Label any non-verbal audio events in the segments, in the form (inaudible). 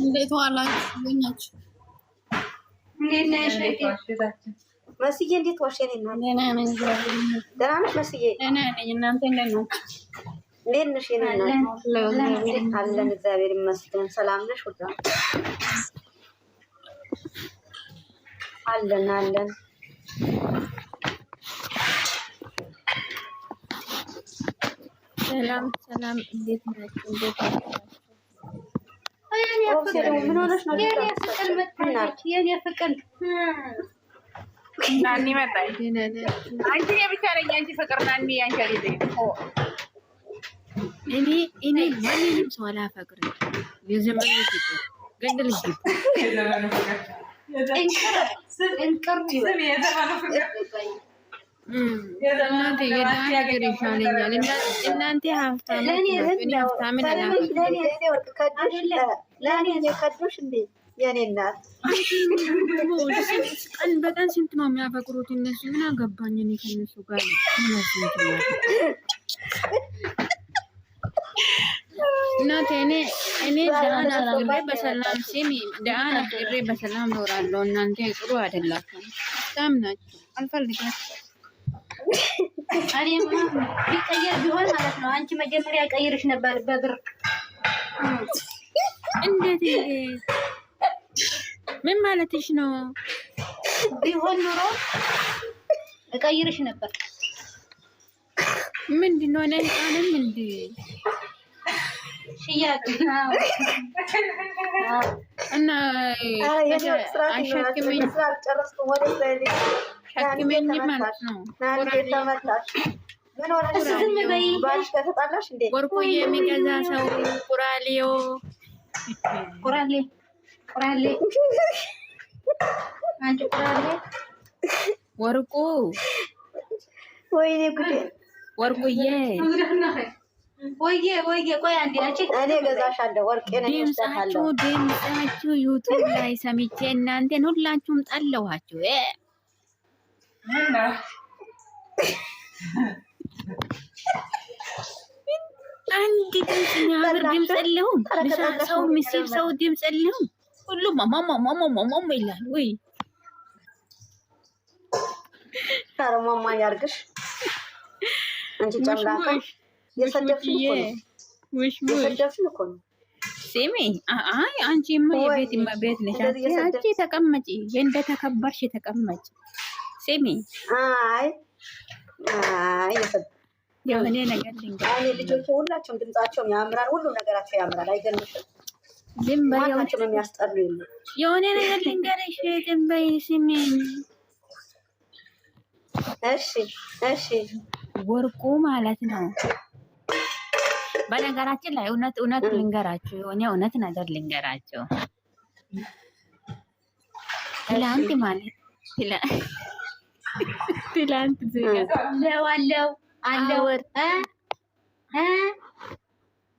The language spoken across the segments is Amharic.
እንዴት ዋላችሁ? መስዬ እንዴት ዋሽ? ደህና ነኝ። ደህና ነሽ መስዬ? እናንተ እንዴት ናችሁ? እንዴት ነሽ? አለን እግዚአብሔር ይመስገን። ሰላም ነሽ? ሁላ አለን አለን ሰላም ሰላም፣ እንዴት ናችሁ? እንዴት ናችሁ? የኔ ፍቅር ናኒ መጣች። አንቺ እኔ ነኝ። አንቺ ፍቅር ናኒ አንቺ እኔ እኔ ማንንም ሰው አላፈቅርም። የዘመኑ ፍቅር ገንደል ይግብ እናቴ ይሻለኛል እናንተ ሀብታም (laughs) ቀን በቀን ስንት ነው የሚያፈቅሩት? እነሱ ምን አገባኝ እኔ ከነሱ ጋር እናቴ እኔ እኔ ደህና አፍቅሬ በሰላም ስሚ፣ ደህና አፍቅሬ በሰላም ኖራለሁ። እናንተ ጥሩ አይደላችሁም። በጣም ናችሁ አልፈልጋችሁ እኔማ ሊቀየር ቢሆን ማለት ነው። አንቺ መጀመሪያ ቀይርሽ ነበር በብር እንዴት? ምን ማለትሽ ነው? ቢሆን ኑሮ እቀይርሽ ነበር። ምንድን ነው ነህ? አንም ምንድን ሽያጭ እና አሸክመኝ ነው። ወርቁ የሚገዛ ሰው ቁራሌዮ ቁራሌ ቁራሌ አንቺ ቁራሌ ወርቁ ወይኔ ጉዴ ወርቁዬ ወይዬ ወይዬ፣ ቆይ አንዴ አንቺ እኔ ገዛሻለሁ ወርቅ ነኝ እወስዳታለሁ። ድምጻችሁ ዩቱብ ላይ ሰምቼ እናንተን ሁላችሁም ጠለዋችሁ አንድ ድምጽ የሚያምር ድምጽ የለውም። ሰው የሚስብ ሰው ድምጽ የለውም። ሁሉም ማማማማማማማ ይላል። ወይ ታረማማ ያርግሽ አንቺ ጨምላታ የሰደፍሽን እኮ ነው። ስሚ አይ አንቺ ማ የቤት ቤት ነሽ። አንቺ ተቀመጪ፣ እንደ ተከባሽ ተቀመጪ። ስሚ አይ አይ የሆነ ነገር ልንገርሽ፣ ልጆቹ ሁላቸውም ድምጻቸውም ያምራል፣ ሁሉም ነገራቸው ያምራል። አይገርምሽም? ዝም በይ፣ የሚያስጠሉ የሆነ ነገር ልንገርሽ። ዝም በይ፣ ስሚ እሺ፣ እሺ። ወርቁ ማለት ነው በነገራችን ላይ እውነት እውነት ልንገራችሁ የሆነ እውነት ነገር ልንገራችሁ። ትላንት ማለት ትላንት አለው አለው አለወር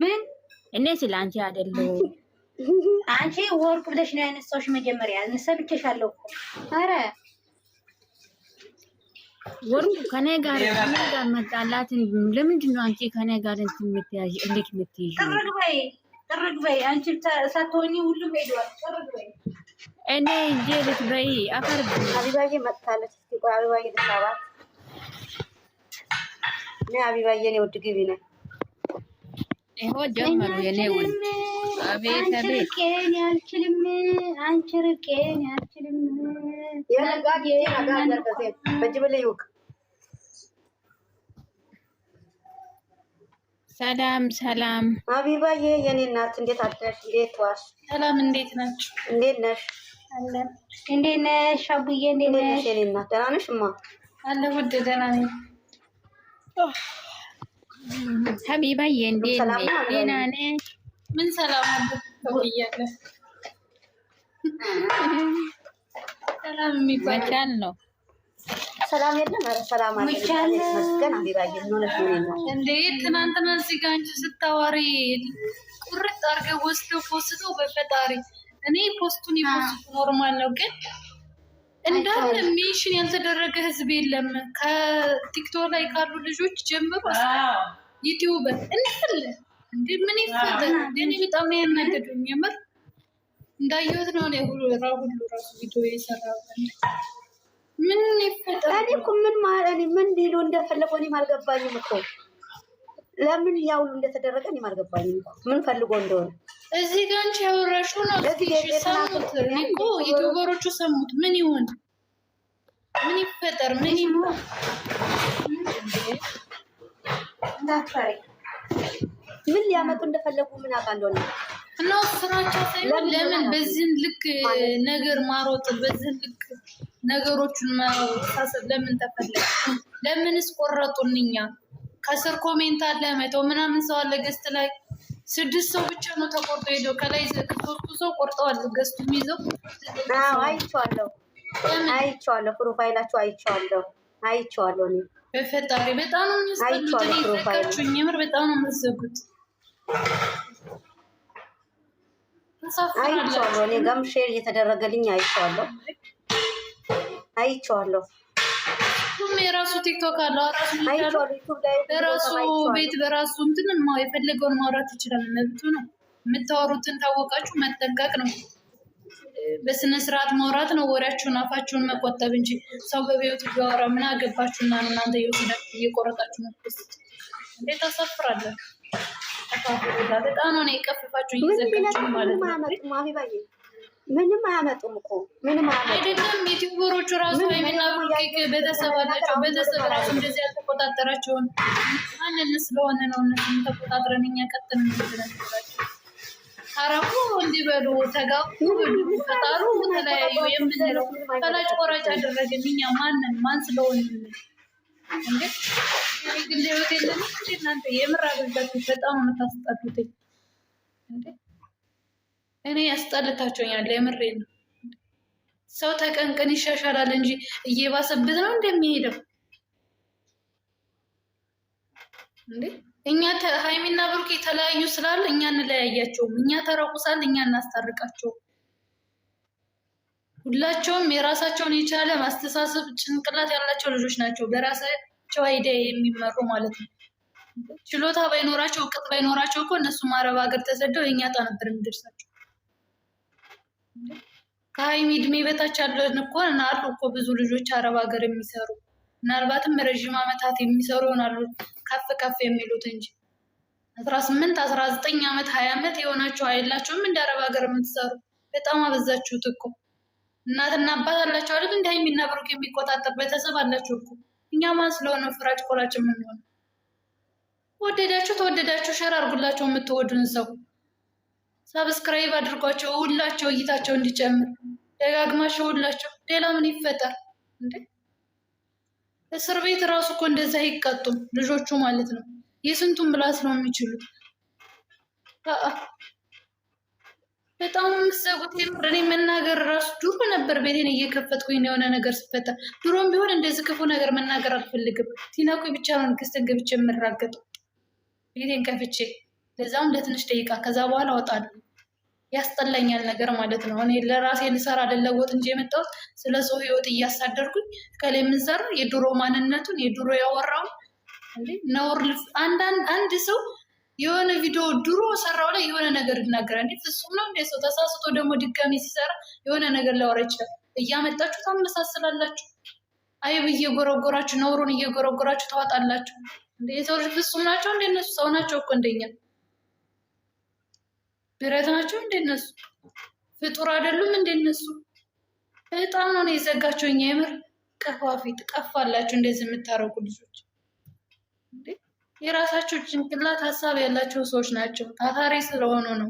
ምን እኔ ስለ አንቺ አይደለሁም። አንቺ ወርቅ ብለሽ ነው ያነሳሁሽ መጀመሪያ። አልነሳ አረ ወርቁ ከኔ ጋር ከኔ ጋር መጣላትን ለምንድን ነው አንቺ ከኔ ጋር እንትን የምትያዥ እልክ የምትይዥ? ጥርግ በይ አንቺ ሳትሆኚ ሁሉም ሄዷል። ጥርግ በይ እኔ እንጂ ልትበይ አፈር አቢባዬ መጥታለች። እስኪ ቆይ አቢባዬ ልታባት እኔ አቢባዬን የውድ ግቢ ነው ይሆ ጀመሩ የኔ ውድ አቤት አቤት አልችልም አንቺ ርቄን አልችልም የነጋጌ ነጋ ደርገሴ በጅብልዩክ ሰላም ሰላም፣ አቢባዬ የኔ እናት እንዴት አደርሽ? እንዴት ዋልሽ? ሰላም እንዴት ናችሁ? እንዴት ነሽ? አለን። እንዴት ነሽ አቡዬ? እንዴት ነሽ የኔ እናት? ደህና ነሽ እማ? አለ ውድ ደህና ነኝ። ሀቢባዬ እንዴት ነሽ? ደህና ነሽ? ምን ሰላም አለ ተብያለ። ሰላም የሚባል ነው ሰላም የለም። ኧረ ሰላም አለ ይመስገን። አቢባዬ ሆነት ነው እንዴ? ትናንትና እዚህ ስታዋሪ ቁርጥ አድርገው ወስደው ፖስቶ በፈጣሪ እኔ ፖስቱን የፖስቱ ኖርማል ነው፣ ግን እንዳለ ሜንሽን ያልተደረገ ህዝብ የለም። ከቲክቶክ ላይ ካሉ ልጆች ጀምሮ ዩቲዩበር እንዳለ ምን ይፈጠር? እኔ በጣም ነው ያናደዱኝ። የምር ነው ሁሉ ራ ሁሉ ራሱ ቪዲዮ የሰራ ምን ይፈጠር? እኔ እኮ ምን ምን ሊሉ እንደፈለጉ እኔም አልገባኝም እኮ ለምን ያውሉ እንደተደረገ እኔም አልገባኝም እኮ ምን ፈልጎ እንደሆነ እዚህ ጋር አንቺ ያወራሽው ነው። ሰሙት እኮ ዩቲዩበሮቹ ሰሙት። ምን ይሁን ምን ይፈጠር? ምን ይሁን ምን ሊያመጡ እንደፈለጉ ምን አውቃለሁ እኔ እና ስራቸው ሳይሆን ለምን በዚህን ልክ ነገር ማሮጥ በዚህን ልክ ነገሮቹን ለምን ተፈለገ? ለምንስ ቆረጡን? እኛ ከስር ኮሜንት አለ መቶ ምናምን ሰው አለ ገስት ላይ ስድስት ሰው ብቻ ነው ተቆርጦ ሄደው። ከላይ ሶስቱ ሰው ቆርጠዋል። ገስቱ የሚይዘው አይቼዋለሁ፣ አይቼዋለሁ፣ ፕሮፋይላቸው አይቼዋለሁ፣ አይቼዋለሁ። እኔ በፈጣሪ በጣም ነው የሚዘጋችሁ። የምር በጣም ነው የምትዘጉት። አይቼዋለሁ፣ እኔ ጋርም ሼር እየተደረገልኝ አይቼዋለሁ። አይቼዋለሁ። ሁሉም የራሱ ቲክቶክ አለው። ራሱ ቤት በራሱ እንትን የፈለገውን ማውራት ይችላል። መብቱ ነው። የምታወሩትን ታወቃችሁ መጠንቀቅ ነው። በስነ ስርዓት ማውራት ነው። ወሬያችሁን አፋችሁን መቆጠብ እንጂ ሰው በቤቱ ቢያወራ ምን አገባችሁና እናንተ እየቆረጣችሁ ነው። እንዴት አሳፍራለን። በጣም ነው የቀፍፋችሁ እየዘጋችሁ ማለት ነው። ምንም አያመጡም እኮ ምንም አይደለም። ዩቲዩበሮቹ ራሱ የሚናሩክ ቤተሰብ አላቸው። ቤተሰብ ራሱ እንደዚህ ያልተቆጣጠራቸውን ማንን ስለሆነ ነው እነሱም ተቆጣጥረን እኛ ቀጥን ምንድነቸው አረፉ እንዲበሉ ተጋቡ ፈጣሩ ተለያዩ የምንለው ፈላጭ ቆራጭ አደረገን። እኛ ማንን ማን ስለሆነ እንዴ ግን ህይወት የለም። እናንተ የምር አገልጋችሁ በጣም የምታስጠሉትኝ እንዴ እኔ ያስጠልታቸውኛል። የምሬ ነው። ሰው ተቀንቀን ይሻሻላል እንጂ እየባሰበት ነው እንደሚሄደው እንዴ እኛ ሀይሚና ብሩክ የተለያዩ ስላል እኛ እንለያያቸውም። እኛ ተረቁሳል እኛ እናስታርቃቸው። ሁላቸውም የራሳቸውን የቻለ ማስተሳሰብ ጭንቅላት ያላቸው ልጆች ናቸው። በራሳቸው አይዲያ የሚመሩ ማለት ነው። ችሎታ ባይኖራቸው እውቀት ባይኖራቸው እኮ እነሱም አረብ ሀገር ተሰደው የእኛ ጣ ነበር የሚደርሳቸው። ከሀይሚ እድሜ በታች ያለን እኮ አሉ እኮ ብዙ ልጆች አረብ ሀገር የሚሰሩ ምናልባትም ረዥም ዓመታት የሚሰሩ ይሆናሉ ከፍ ከፍ የሚሉት እንጂ አስራ ስምንት አስራ ዘጠኝ ዓመት ሀያ ዓመት የሆናችሁ አይላችሁም? እንደ አረብ ሀገር የምትሰሩ በጣም አበዛችሁት እኮ። እናትና አባት አላችሁ አይደል? እንደ ሀይሚና ብሩክ የሚቆጣጠር ቤተሰብ አላችሁ እኮ። እኛ ማን ስለሆነ ፍራጭ ቆራጭ የምንሆነው ወደዳችሁ ተወደዳችሁ ሸር አድርጉላቸው የምትወዱን ሰው ሰብስክራይብ አድርጓቸው ሁላቸው እይታቸው እንዲጨምር ደጋግማቸው ሁላቸው። ሌላ ምን ይፈጠር እንዴ? እስር ቤት እራሱ እኮ እንደዛ አይቀጡም ልጆቹ ማለት ነው። የስንቱን ብላት ነው የሚችሉት። በጣም የምትዘጉት እኔ መናገር ድሮ ነበር ቤቴን እየከፈትኩኝ የሆነ ነገር ሲፈጠር። ድሮም ቢሆን እንደዚህ ክፉ ነገር መናገር አልፈልግም። ቲናኩኝ ብቻ ነው ገብቼ የምራገጠው ቤቴን ከፍቼ ለዛውም ለትንሽ ደቂቃ፣ ከዛ በኋላ ወጣሉ። ያስጠላኛል ነገር ማለት ነው። እኔ ለራሴ ልሰራ ልለወጥ እንጂ የመጣሁት ስለ ሰው ህይወት እያሳደርኩኝ ከላይ የምንሰራ የድሮ ማንነቱን የድሮ ያወራውን ነውር። አንድ ሰው የሆነ ቪዲዮ ድሮ ሰራው ላይ የሆነ ነገር ይናገራል። ፍጹም ነው እንደ ሰው ተሳስቶ ደግሞ ድጋሚ ሲሰራ የሆነ ነገር ሊያወራ ይችላል። እያመጣችሁ ታመሳስላላችሁ። አይብ እየጎረጎራችሁ ነውሩን እየጎረጎራችሁ ታዋጣላችሁ። የሰው ልጅ ፍጹም ናቸው እንደነሱ ሰው ናቸው እኮ እንደኛ ብረት ናቸው እንደነሱ ፍጡር አይደሉም እንደነሱ። በጣም ነው የዘጋቸው። እኛ የምር ቀፋፊ ቀፋላችሁ። እንደዚህ የምታረጉ ልጆች የራሳቸው ጭንቅላት ሀሳብ ያላቸው ሰዎች ናቸው። ታታሪ ስለሆኑ ነው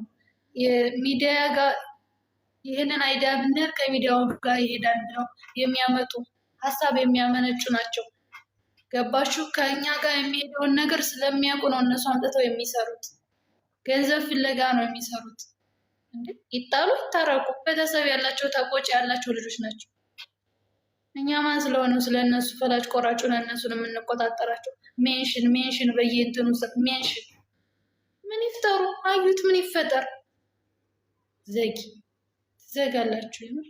የሚዲያ ጋር ይህንን አይዲያ ብንል ከሚዲያው ጋር ይሄዳል ብለው የሚያመጡ ሀሳብ የሚያመነጩ ናቸው። ገባችሁ? ከእኛ ጋር የሚሄደውን ነገር ስለሚያውቁ ነው እነሱ አምጥተው የሚሰሩት። ገንዘብ ፍለጋ ነው የሚሰሩት። ይጣሉ ይታረቁ። ቤተሰብ ያላቸው ተቆጭ ያላቸው ልጆች ናቸው። እኛ ማን ስለሆነ ስለነሱ ፈላጭ ቆራጭ ነው እነሱን የምንቆጣጠራቸው? ሜንሽን ሜንሽን በየእንትኑ ውስጥ ሜንሽን ምን ይፍጠሩ? አዩት ምን ይፈጠር? ዘጊ ትዘጋላችሁ። ይምር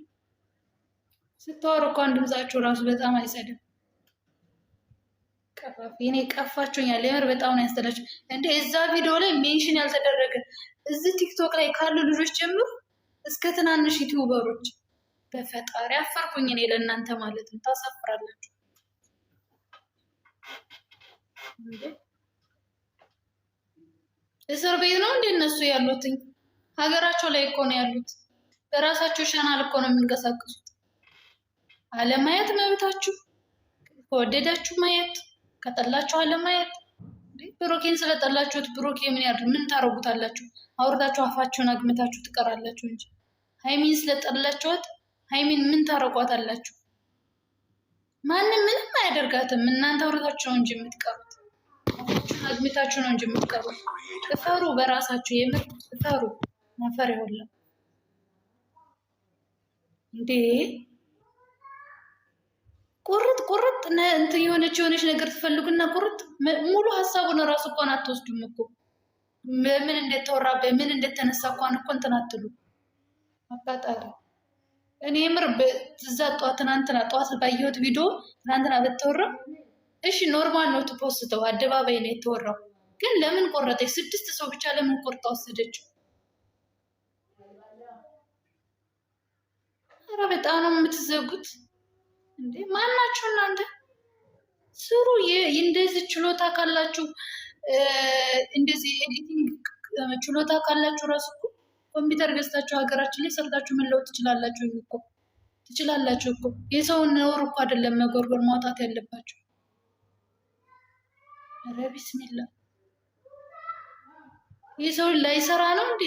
ስታወሩ እንኳን ድምጻችሁ ራሱ በጣም አይሰድም። እኔ ቀፋችሁኛል። የምር በጣም ነው ያስጠላችሁ። እንደ እዛ ቪዲዮ ላይ ሜንሽን ያልተደረገ እዚህ ቲክቶክ ላይ ካሉ ልጆች ጀምሮ እስከ ትናንሽ ዩቲዩበሮች በፈጣሪ አፈርኩኝ። እኔ ለእናንተ ማለት ነው። ታሳፍራላችሁ። እስር ቤት ነው እንደ እነሱ ያሉትኝ ሀገራቸው ላይ እኮ ነው ያሉት። በራሳቸው ቻናል እኮ ነው የሚንቀሳቀሱት። አለማየት መብታችሁ፣ ከወደዳችሁ ማየት ከጠላችኋል አለማየት ብሮኬን ስለጠላችሁት ብሮኬ ምን ያድር? ምን ታረጉታላችሁ? አውርታችሁ አፋችሁን አግምታችሁ ትቀራላችሁ እንጂ ሃይሚን ስለጠላችሁት ሃይሚን ምን ታረጓታላችሁ? ማንም ምንም አያደርጋትም። እናንተ አውርዳችሁ ነው እንጂ የምትቀሩት፣ አግምታችሁ ነው እንጂ የምትቀሩት። እፈሩ፣ በራሳችሁ የምር እፈሩ። ማፈር ይሆላል እንዴ? ቁርጥ ቁርጥ እንትን የሆነች የሆነች ነገር ትፈልጉና ቁርጥ ሙሉ ሀሳቡን እራሱ እኳን አትወስዱም እኮ ምን እንደተወራ ምን እንደተነሳ እኳን እኮ እንትን አትሉ። አቃጣሪ እኔ ምር እዛ ጠዋት ትናንትና ጠዋት ባየሁት ቪዲዮ ትናንትና በተወራ እሺ ኖርማል ነው ትፖስተው አደባባይ ነው የተወራው። ግን ለምን ቆረጠች? ስድስት ሰው ብቻ ለምን ቆርጣ ወሰደችው? ኧረ በጣም ነው የምትዘጉት። እንዴ ማናችሁ እናንተ ስሩ። እንደዚህ ችሎታ ካላችሁ እንደዚህ ኤዲቲንግ ችሎታ ካላችሁ ራሱ እኮ ኮምፒውተር ገዝታችሁ ሀገራችን ላይ ሰርታችሁ መለወጥ ትችላላችሁ እኮ ትችላላችሁ እኮ። የሰውን ነውር እኮ አይደለም መጎርጎር ማውጣት ያለባችሁ። ኧረ ቢስሚላ የሰውን ላይሰራ ነው እንዴ?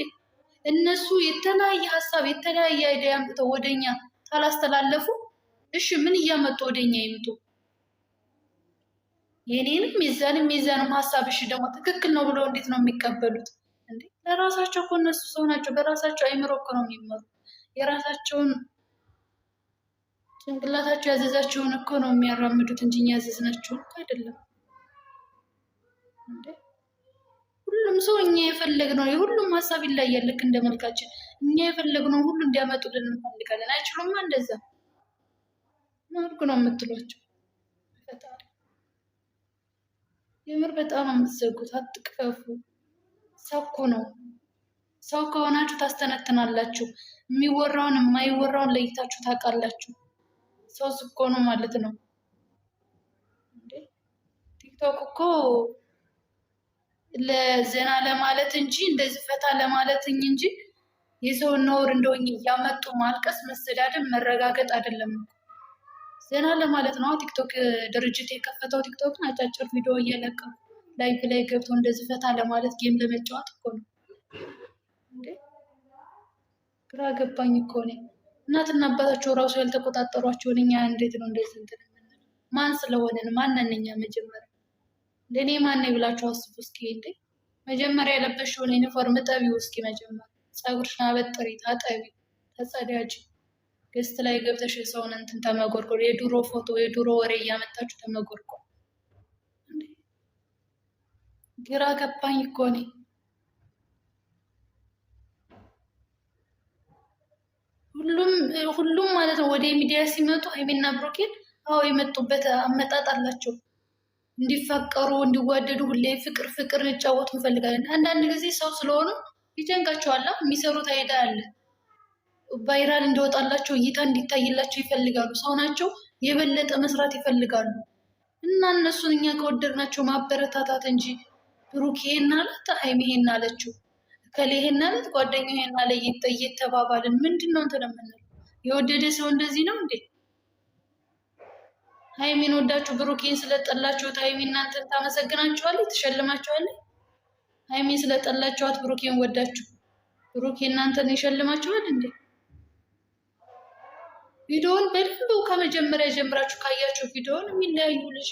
እነሱ የተለያየ ሀሳብ የተለያየ አይዲያ አምጥተው ወደኛ ካላስተላለፉ እሺ ምን እያመጡ ወደኛ ይምጡ። የኔንም የዛንም የዛንም እሺ፣ ደግሞ ትክክል ነው ብለው እንዴት ነው የሚቀበሉት? እንዴ ለራሳቸው እኮ እነሱ ሰው ናቸው። በራሳቸው አይምሮ እኮ ነው የሚመሩ። የራሳቸውን ጭንቅላታቸው ያዘዛቸውን እኮ ነው የሚያራምዱት እንጂ እኛ ያዘዝናቸውን እኮ አይደለም። ሁሉም ሰው እኛ የፈለግነው የሁሉም ሀሳብ ይለያል። ልክ እንደ መልካችን እኛ የፈለግነው ሁሉ እንዲያመጡልን እንፈልጋለን። አይችሉማ እንደዛ ማርጉ ነው የምትሏቸው። የምር በጣም የምትዘጉት አትቅፈፉ። ሰኩ ነው ሰው ከሆናችሁ ታስተነትናላችሁ። የሚወራውን የማይወራውን ለይታችሁ ታውቃላችሁ። ሰው ነው ማለት ነው። ቲክቶክ እኮ ለዘና ለማለት እንጂ እንደዚህ ፈታ ለማለትኝ እንጂ የሰውን ነውር እንደሆኝ እያመጡ ማልቀስ፣ መሰዳደብ፣ መረጋገጥ አይደለም። ዜና ለማለት ነው። ቲክቶክ ድርጅት የከፈተው ቲክቶክን አጫጭር ቪዲዮ እየለቀቁ ላይቭ ላይ ገብቶ እንደዚህ ፈታ ለማለት ጌም ለመጫወት እኮ ነው። ግራ ገባኝ እኮ እኔ። እናትና አባታቸው እራሱ ያልተቆጣጠሯቸውን እኛ እንዴት ነው እንደዚህ እንትን ማን ስለሆነን ማንን እኛ መጀመሪያ እንደኔ ማን ብላችሁ አስቡ እስኪ። እንዴ መጀመሪያ የለበሽውን ዩኒፎርም ጠቢው እስኪ። መጀመሪያ ፀጉርሽን አበጥሪ፣ ታጠቢ፣ ተጸዳጅ። ገስት ላይ ገብተሽ ሰውን እንትን ተመጎርጎር፣ የድሮ ፎቶ የድሮ ወሬ እያመጣችሁ ተመጎርጎር። ግራ ገባኝ እኮ እኔ። ሁሉም ሁሉም ማለት ነው ወደ ሚዲያ ሲመጡ ሀይሜና ብሩኬን፣ አዎ የመጡበት አመጣጥ አላቸው። እንዲፈቀሩ እንዲዋደዱ፣ ሁሌ ፍቅር ፍቅር እንጫወቱ እንፈልጋለን። አንዳንድ ጊዜ ሰው ስለሆኑ ይጨንቃቸዋል። የሚሰሩት አይዳ አለ ቫይራል እንዲወጣላቸው እይታ እንዲታይላቸው ይፈልጋሉ። ሰው ናቸው፣ የበለጠ መስራት ይፈልጋሉ። እና እነሱን እኛ ከወደድናቸው ማበረታታት እንጂ ብሩክ ይሄን አላት፣ ሀይሚ ይሄን አለችው፣ ከሌ ይሄን አለት፣ ጓደኛ ይሄን አለ እየተባባልን ምንድን ነው እንትን የምንለው? የወደደ ሰው እንደዚህ ነው እንዴ? ሀይሚን ወዳችሁ ብሩኬን ስለጠላችሁት ሀይሚ እናንተን ታመሰግናችኋለች፣ ትሸልማችኋለች። ሀይሚን ስለጠላችኋት ብሩኬን ወዳችሁ ብሩኬ እናንተን ይሸልማችኋል እንዴ? ቪዲዮውን በደንብ ከመጀመሪያ ጀምራችሁ ካያችሁ ቪዲዮውን የሚለያዩ ልጅ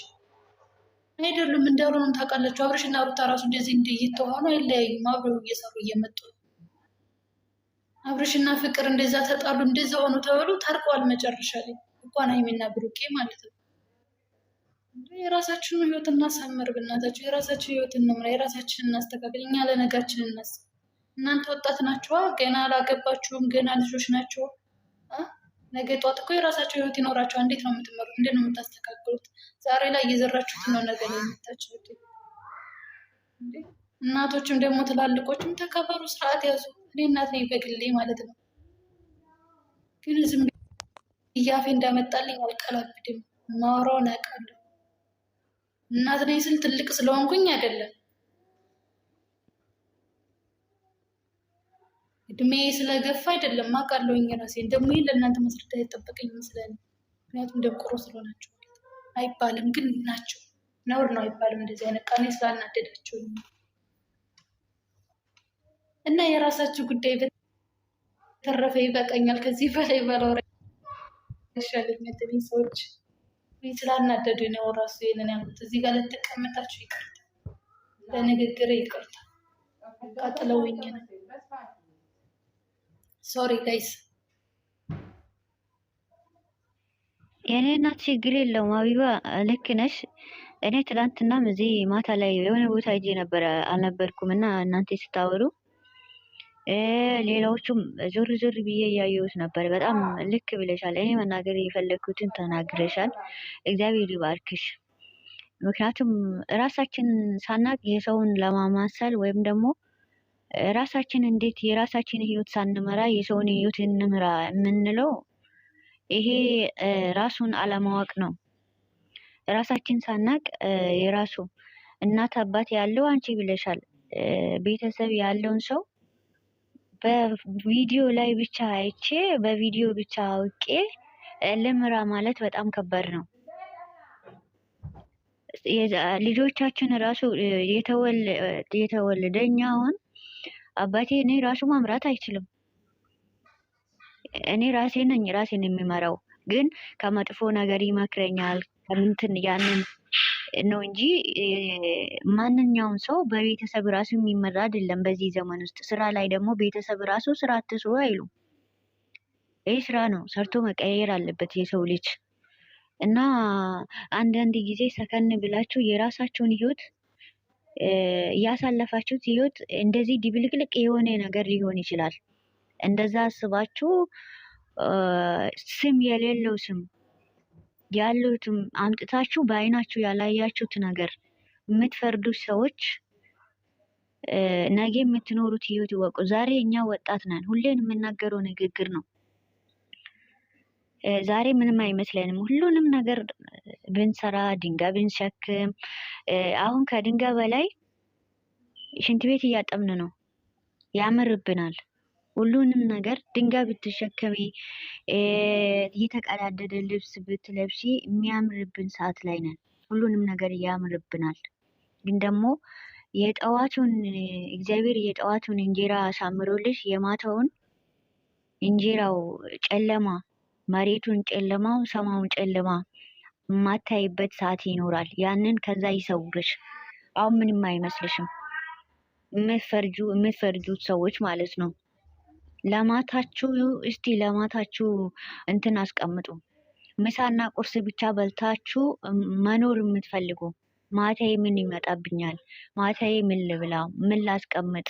አይደሉም እንዳልሆኑም ታውቃላችሁ። አብርሽና ሩታ ራሱ እንደዚህ እንደይተሆኑ አይለያዩም። አብረው እየሰሩ እየመጡ አብርሽና ፍቅር እንደዛ ተጣሉ እንደዛ ሆኑ ተብሎ ታርቀዋል። መጨረሻ ላይ እንኳን ሀይሚና ብሩኬ ማለት ነው። የራሳችንን ህይወት እናሳምር ብናታቸው፣ የራሳችን ህይወት እንምራ፣ የራሳችን እናስተካከል። እኛ ለነጋችን እናስ እናንተ ወጣት ናቸዋ፣ ገና አላገባችሁም፣ ገና ልጆች ናቸው። ነገ ጧት እኮ የራሳቸው ህይወት ይኖራቸዋል። እንዴት ነው የምትመሩት? እንዴት ነው የምታስተካክሉት? ዛሬ ላይ እየዘራችሁት ነው ነገ ላይ የምታችሉት። እናቶችም ደግሞ ትላልቆችም ተከበሩ፣ ስርዓት ያዙ። እኔ እናት ነኝ በግሌ ማለት ነው፣ ግን ዝም እያፌ እንዳመጣልኝ አልቀላብድም። ማውራውን አውቃለሁ። እናት ነኝ ስል ትልቅ ስለሆንኩኝ አይደለም እድሜ ስለገፋ አይደለም ማቃለው ራሴን ደግሞ ይህን ለእናንተ መስረዳ የጠበቀኝ ይመስላል። ምክንያቱም ደንቆሮ ስለሆናቸው አይባልም፣ ግን ናቸው ነውር ነው አይባልም። እንደዚህ አይነት ቃኔ ስላናደዳቸው እና የራሳችሁ ጉዳይ በተረፈ ይበቃኛል። ከዚህ በላይ ባላወራ ይሻለኛል። እኔ ሰዎች ስላናደዱ ነው ራሱ ይንን ያሉት። እዚህ ጋር ለተቀመጣችሁ ይቅርታ፣ ለንግግር ይቅርታ። ቃጥለውኝ ነው ሶሪ ጋይስ። የኔ እናት ችግር የለውም። አቢባ ልክ ነሽ። እኔ ትላንትናም እዚህ ማታ ላይ የሆነ ቦታ ሄጄ ነበረ አልነበርኩም እና እናንተ ስታወሩ ሌላዎቹም ዞር ዞር ብዬ እያየሁት ነበር። በጣም ልክ ብለሻል። እኔ መናገር የፈለግኩትን ተናግረሻል። እግዚአብሔር ይባርክሽ። ምክንያቱም እራሳችን ሳናቅ የሰውን ለማማሰል ወይም ደግሞ ራሳችን እንዴት የራሳችን ህይወት ሳንመራ የሰውን ህይወት እንምራ የምንለው ይሄ ራሱን አለማወቅ ነው። ራሳችን ሳናቅ የራሱ እናት አባት ያለው አንቺ ብለሻል፣ ቤተሰብ ያለውን ሰው በቪዲዮ ላይ ብቻ አይቼ በቪዲዮ ብቻ አውቄ ልምራ ማለት በጣም ከባድ ነው። ልጆቻችን ራሱ የተወለደኛውን አባቴ እኔ ራሱ ማምራት አይችልም። እኔ ራሴ ነኝ ራሴን የሚመራው፣ ግን ከመጥፎ ነገር ይመክረኛል ከምንትን ያንን ነው እንጂ ማንኛውም ሰው በቤተሰብ ራሱ የሚመራ አይደለም። በዚህ ዘመን ውስጥ ስራ ላይ ደግሞ ቤተሰብ ራሱ ስራ አትስሩ አይሉ። ይህ ስራ ነው፣ ሰርቶ መቀየር አለበት የሰው ልጅ እና አንዳንድ ጊዜ ሰከን ብላችሁ የራሳችሁን ህይወት ያሳለፋችሁት ህይወት እንደዚህ ድብልቅልቅ የሆነ ነገር ሊሆን ይችላል። እንደዛ አስባችሁ ስም የሌለው ስም ያሉትም አምጥታችሁ በአይናችሁ ያላያችሁት ነገር የምትፈርዱ ሰዎች ነገ የምትኖሩት ህይወት ይወቁ። ዛሬ እኛ ወጣት ነን፣ ሁሌን የምናገረው ንግግር ነው። ዛሬ ምንም አይመስለንም። ሁሉንም ነገር ብንሰራ ድንጋይ ብንሸክም፣ አሁን ከድንጋይ በላይ ሽንት ቤት እያጠብን ነው። ያምርብናል። ሁሉንም ነገር ድንጋይ ብትሸከሚ፣ እየተቀዳደደ ልብስ ብትለብሺ የሚያምርብን ሰዓት ላይ ነን። ሁሉንም ነገር ያምርብናል። ግን ደግሞ የጠዋቱን እግዚአብሔር የጠዋቱን እንጀራ አሳምሮልሽ የማታውን እንጀራው ጨለማ መሬቱን ጨለማው ሰማዩን ጨለማ የማታይበት ሰዓት ይኖራል። ያንን ከዛ ይሰውርሽ። አሁን ምንም አይመስልሽም። የምትፈርጁ የምትፈርጁት ሰዎች ማለት ነው። ለማታችሁ እስቲ ለማታችሁ እንትን አስቀምጡ። ምሳና ቁርስ ብቻ በልታችሁ መኖር የምትፈልጉ ማታዬ ምን ይመጣብኛል፣ ማታዬ ምን ልብላ፣ ምን ላስቀምጥ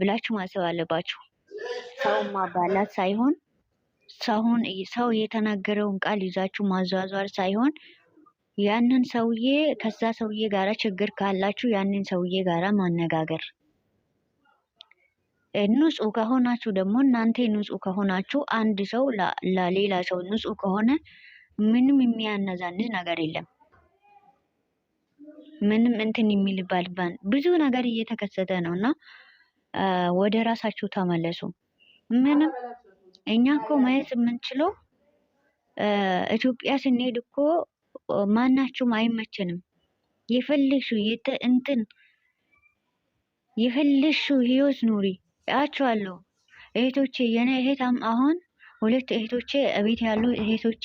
ብላችሁ ማሰብ አለባችሁ። ሰው ማባላት ሳይሆን ሰውን ሰው የተናገረውን ቃል ይዛችሁ ማዟዟር ሳይሆን ያንን ሰውዬ ከዛ ሰውዬ ጋራ ችግር ካላችሁ ያንን ሰውዬ ጋራ ማነጋገር። ንጹህ ከሆናችሁ ደግሞ እናንተ ንጹህ ከሆናችሁ አንድ ሰው ለሌላ ሰው ንጹህ ከሆነ ምንም የሚያነዛንዝ ነገር የለም። ምንም እንትን የሚልባል ብዙ ነገር እየተከሰተ ነው እና ወደ ራሳችሁ ተመለሱ። ምንም እኛ እኮ ማየት የምንችለው ኢትዮጵያ ስንሄድ እኮ ማናችሁም አይመቸንም። የፈለሹ የተ እንትን የፈለግሽው ህይወት ኑሪ እያቸዋለሁ። እህቶቼ። የኔ እህት አሁን ሁለት እህቶቼ እቤት ያሉ እህቶቼ